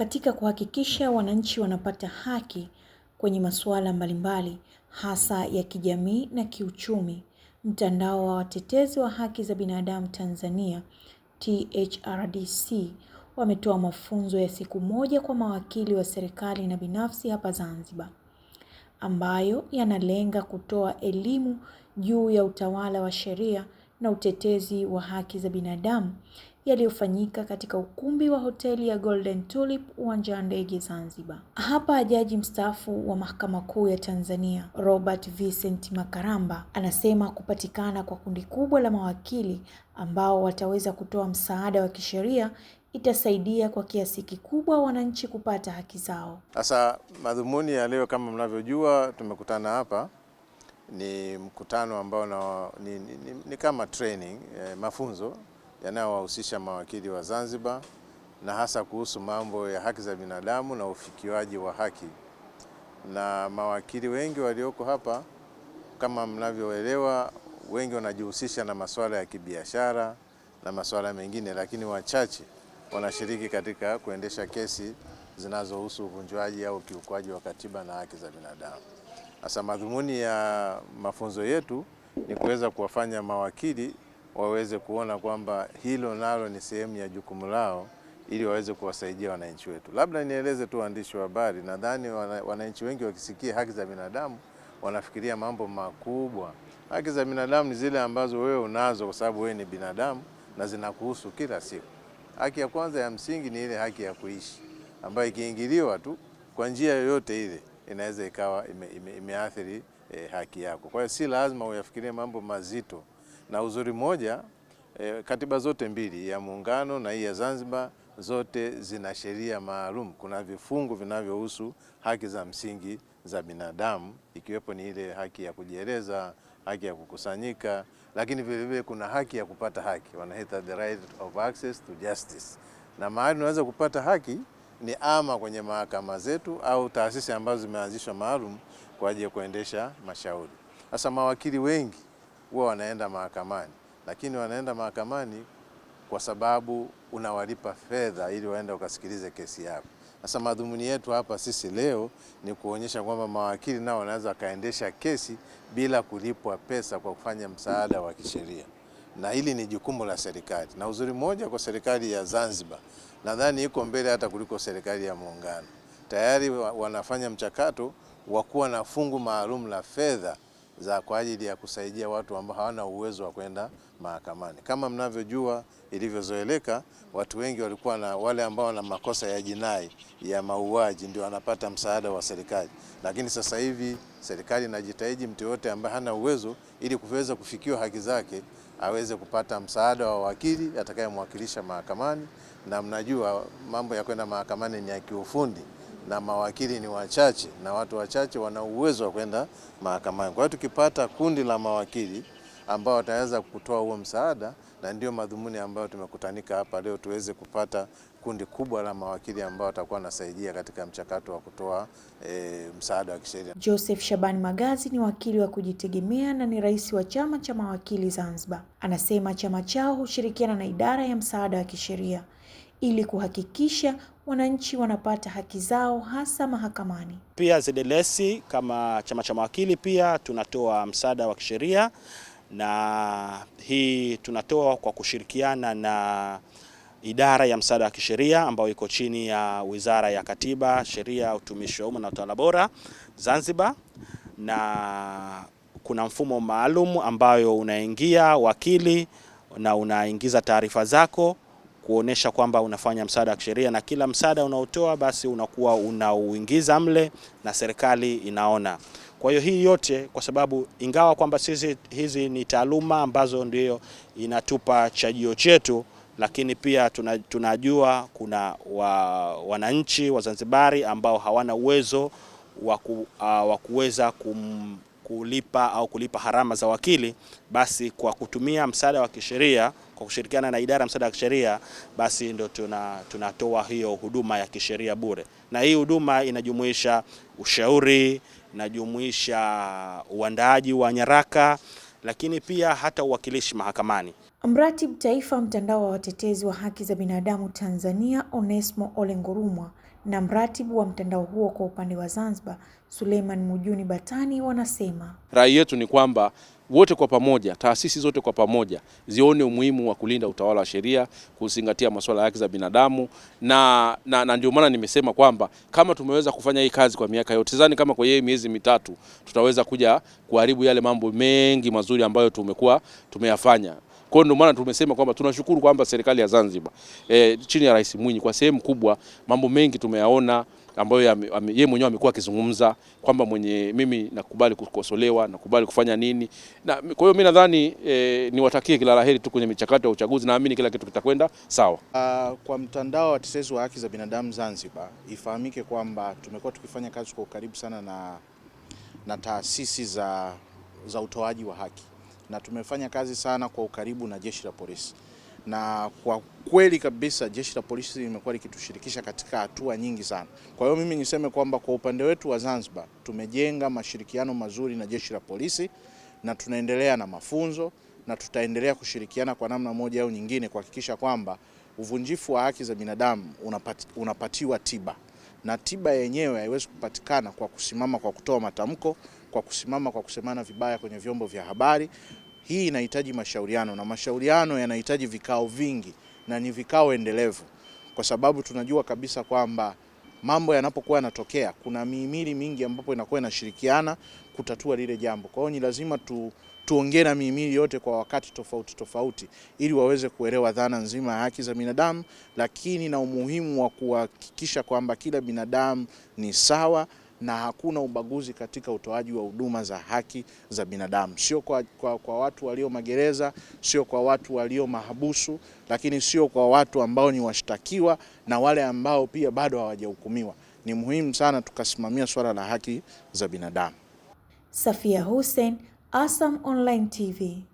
katika kuhakikisha wananchi wanapata haki kwenye masuala mbalimbali hasa ya kijamii na kiuchumi. Mtandao wa watetezi wa haki za binadamu Tanzania THRDC wametoa mafunzo ya siku moja kwa mawakili wa serikali na binafsi hapa Zanzibar ambayo yanalenga kutoa elimu juu ya utawala wa sheria na utetezi wa haki za binadamu yaliyofanyika katika ukumbi wa hoteli ya Golden Tulip uwanja wa ndege Zanzibar. Hapa jaji mstaafu wa mahakama kuu ya Tanzania Robert Vincent Makaramba anasema kupatikana kwa kundi kubwa la mawakili ambao wataweza kutoa msaada wa kisheria itasaidia kwa kiasi kikubwa wananchi kupata haki zao. Sasa madhumuni ya leo, kama mnavyojua, tumekutana hapa ni mkutano ambao ni, ni, ni, ni kama training eh, mafunzo yanayowahusisha mawakili wa Zanzibar na hasa kuhusu mambo ya haki za binadamu na ufikiwaji wa haki. Na mawakili wengi walioko hapa kama mnavyoelewa, wengi wanajihusisha na masuala ya kibiashara na masuala mengine, lakini wachache wanashiriki katika kuendesha kesi zinazohusu uvunjwaji au ukiukwaji wa katiba na haki za binadamu. Sasa madhumuni ya mafunzo yetu ni kuweza kuwafanya mawakili waweze kuona kwamba hilo nalo ni sehemu ya jukumu lao ili waweze kuwasaidia wananchi wetu. Labda nieleze tu waandishi wa habari, nadhani wananchi wengi wakisikia haki za binadamu wanafikiria mambo makubwa. Haki za binadamu ni zile ambazo wewe unazo kwa sababu wewe ni binadamu na zinakuhusu kila siku. Haki ya kwanza ya msingi ni ile haki ya kuishi ambayo ikiingiliwa tu kwa njia yoyote ile inaweza ikawa ime, ime, imeathiri eh, haki yako. Kwa hiyo si lazima uyafikirie mambo mazito na uzuri mmoja e, katiba zote mbili ya Muungano na hii ya Zanzibar zote zina sheria maalum. Kuna vifungu vinavyohusu haki za msingi za binadamu ikiwepo ni ile haki ya kujieleza, haki ya kukusanyika, lakini vilevile vile kuna haki ya kupata haki, wanaita the right of access to justice. Na mahali unaweza kupata haki ni ama kwenye mahakama zetu au taasisi ambazo zimeanzishwa maalum kwa ajili ya kuendesha mashauri. Sasa mawakili wengi huwa wanaenda mahakamani, lakini wanaenda mahakamani kwa sababu unawalipa fedha ili waende wakasikilize kesi yako. Sasa madhumuni yetu hapa sisi leo ni kuonyesha kwamba mawakili nao wanaweza wakaendesha kesi bila kulipwa pesa kwa kufanya msaada wa kisheria, na hili ni jukumu la serikali. Na uzuri mmoja kwa serikali ya Zanzibar, nadhani iko mbele hata kuliko serikali ya Muungano. Tayari wanafanya mchakato wa kuwa na fungu maalum la fedha za kwa ajili ya kusaidia watu ambao hawana uwezo wa kwenda mahakamani. Kama mnavyojua ilivyozoeleka, watu wengi walikuwa na wale ambao wana makosa ya jinai ya mauaji ndio wanapata msaada wa serikali, lakini sasa hivi serikali inajitahidi mtu yote ambaye hana uwezo ili kuweza kufikiwa haki zake aweze kupata msaada wa wakili atakayemwakilisha mahakamani, na mnajua mambo ya kwenda mahakamani ni ya kiufundi na mawakili ni wachache na watu wachache wana uwezo wa kwenda mahakamani. Kwa hiyo tukipata kundi la mawakili ambao wataweza kutoa huo msaada, na ndio madhumuni ambayo tumekutanika hapa leo, tuweze kupata kundi kubwa la mawakili ambao watakuwa wanasaidia katika mchakato wa kutoa e, msaada wa kisheria. Joseph Shabani Magazi ni wakili wa kujitegemea na ni rais wa chama cha mawakili Zanzibar. Anasema chama chao hushirikiana na idara ya msaada wa kisheria ili kuhakikisha wananchi wanapata haki zao hasa mahakamani. Pia ZLS kama chama cha mawakili pia tunatoa msaada wa kisheria, na hii tunatoa kwa kushirikiana na idara ya msaada wa kisheria ambayo iko chini ya Wizara ya Katiba, Sheria, Utumishi wa Umma na Utawala Bora Zanzibar, na kuna mfumo maalum ambayo unaingia wakili na unaingiza taarifa zako kuonesha kwamba unafanya msaada wa kisheria, na kila msaada unaotoa basi unakuwa unauingiza mle na serikali inaona. Kwa hiyo hii yote kwa sababu ingawa kwamba sisi hizi ni taaluma ambazo ndiyo inatupa chajio chetu, lakini pia tunajua kuna wa, wananchi wa Zanzibari ambao hawana uwezo wa uh, kuweza kum kulipa au kulipa harama za wakili, basi kwa kutumia msaada wa kisheria kwa kushirikiana na idara ya msaada wa kisheria, basi ndo tuna, tunatoa hiyo huduma ya kisheria bure, na hii huduma inajumuisha ushauri, inajumuisha uandaaji wa nyaraka, lakini pia hata uwakilishi mahakamani. Mratibu Taifa mtandao wa watetezi wa haki za binadamu Tanzania Onesmo Ole Ngurumwa na mratibu wa mtandao huo kwa upande wa Zanzibar Suleiman Mujuni Batani wanasema rai yetu ni kwamba wote kwa pamoja, taasisi zote kwa pamoja zione umuhimu wa kulinda utawala wa sheria, kuzingatia masuala ya haki za binadamu na, na, na ndio maana nimesema kwamba kama tumeweza kufanya hii kazi kwa miaka yote, sidhani kama kwa yeye miezi mitatu tutaweza kuja kuharibu yale mambo mengi mazuri ambayo tumekuwa tumeyafanya. Kwa hiyo ndio maana tumesema kwamba tunashukuru kwamba serikali ya Zanzibar e, chini ya Rais Mwinyi kwa sehemu kubwa mambo mengi tumeyaona ambayo yeye mwenyewe amekuwa akizungumza kwamba mwenye mimi nakubali kukosolewa, nakubali kufanya nini na, kwa hiyo mi nadhani e, niwatakie kila laheri tu kwenye michakato ya uchaguzi, naamini kila kitu kitakwenda sawa. Uh, kwa mtandao wa watetezi wa haki za binadamu Zanzibar, ifahamike kwamba tumekuwa tukifanya kazi kwa ukaribu sana na, na taasisi za, za utoaji wa haki na tumefanya kazi sana kwa ukaribu na jeshi la polisi, na kwa kweli kabisa jeshi la polisi limekuwa likitushirikisha katika hatua nyingi sana. Kwa hiyo mimi niseme kwamba kwa upande wetu wa Zanzibar tumejenga mashirikiano mazuri na jeshi la polisi na tunaendelea na mafunzo na tutaendelea kushirikiana kwa namna moja au nyingine kuhakikisha kwamba uvunjifu wa haki za binadamu unapati, unapatiwa tiba na tiba yenyewe haiwezi kupatikana kwa kusimama kwa kutoa matamko kwa kusimama kwa kusemana vibaya kwenye vyombo vya habari. Hii inahitaji mashauriano na mashauriano yanahitaji vikao vingi na ni vikao endelevu, kwa sababu tunajua kabisa kwamba mambo yanapokuwa yanatokea kuna mihimili mingi ambapo inakuwa inashirikiana kutatua lile jambo. Kwa hiyo ni lazima tu, tuongee na mihimili yote kwa wakati tofauti tofauti ili waweze kuelewa dhana nzima ya haki za binadamu, lakini na umuhimu wa kuhakikisha kwamba kila binadamu ni sawa na hakuna ubaguzi katika utoaji wa huduma za haki za binadamu, sio kwa, kwa, kwa watu walio magereza, sio kwa watu walio mahabusu, lakini sio kwa watu ambao ni washtakiwa na wale ambao pia bado hawajahukumiwa. Ni muhimu sana tukasimamia swala la haki za binadamu. Safia Hussein, ASAM Online TV.